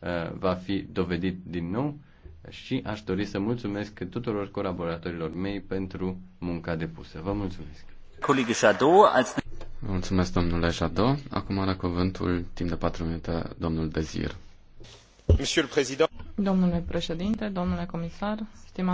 Uh, va fi dovedit din nou și aș dori să mulțumesc tuturor colaboratorilor mei pentru munca depusă. Vă mulțumesc! Colegii Mulțumesc, domnule Jadot. Acum are cuvântul, timp de patru minute, domnul Dezir. Domnule președinte, domnule comisar, stimați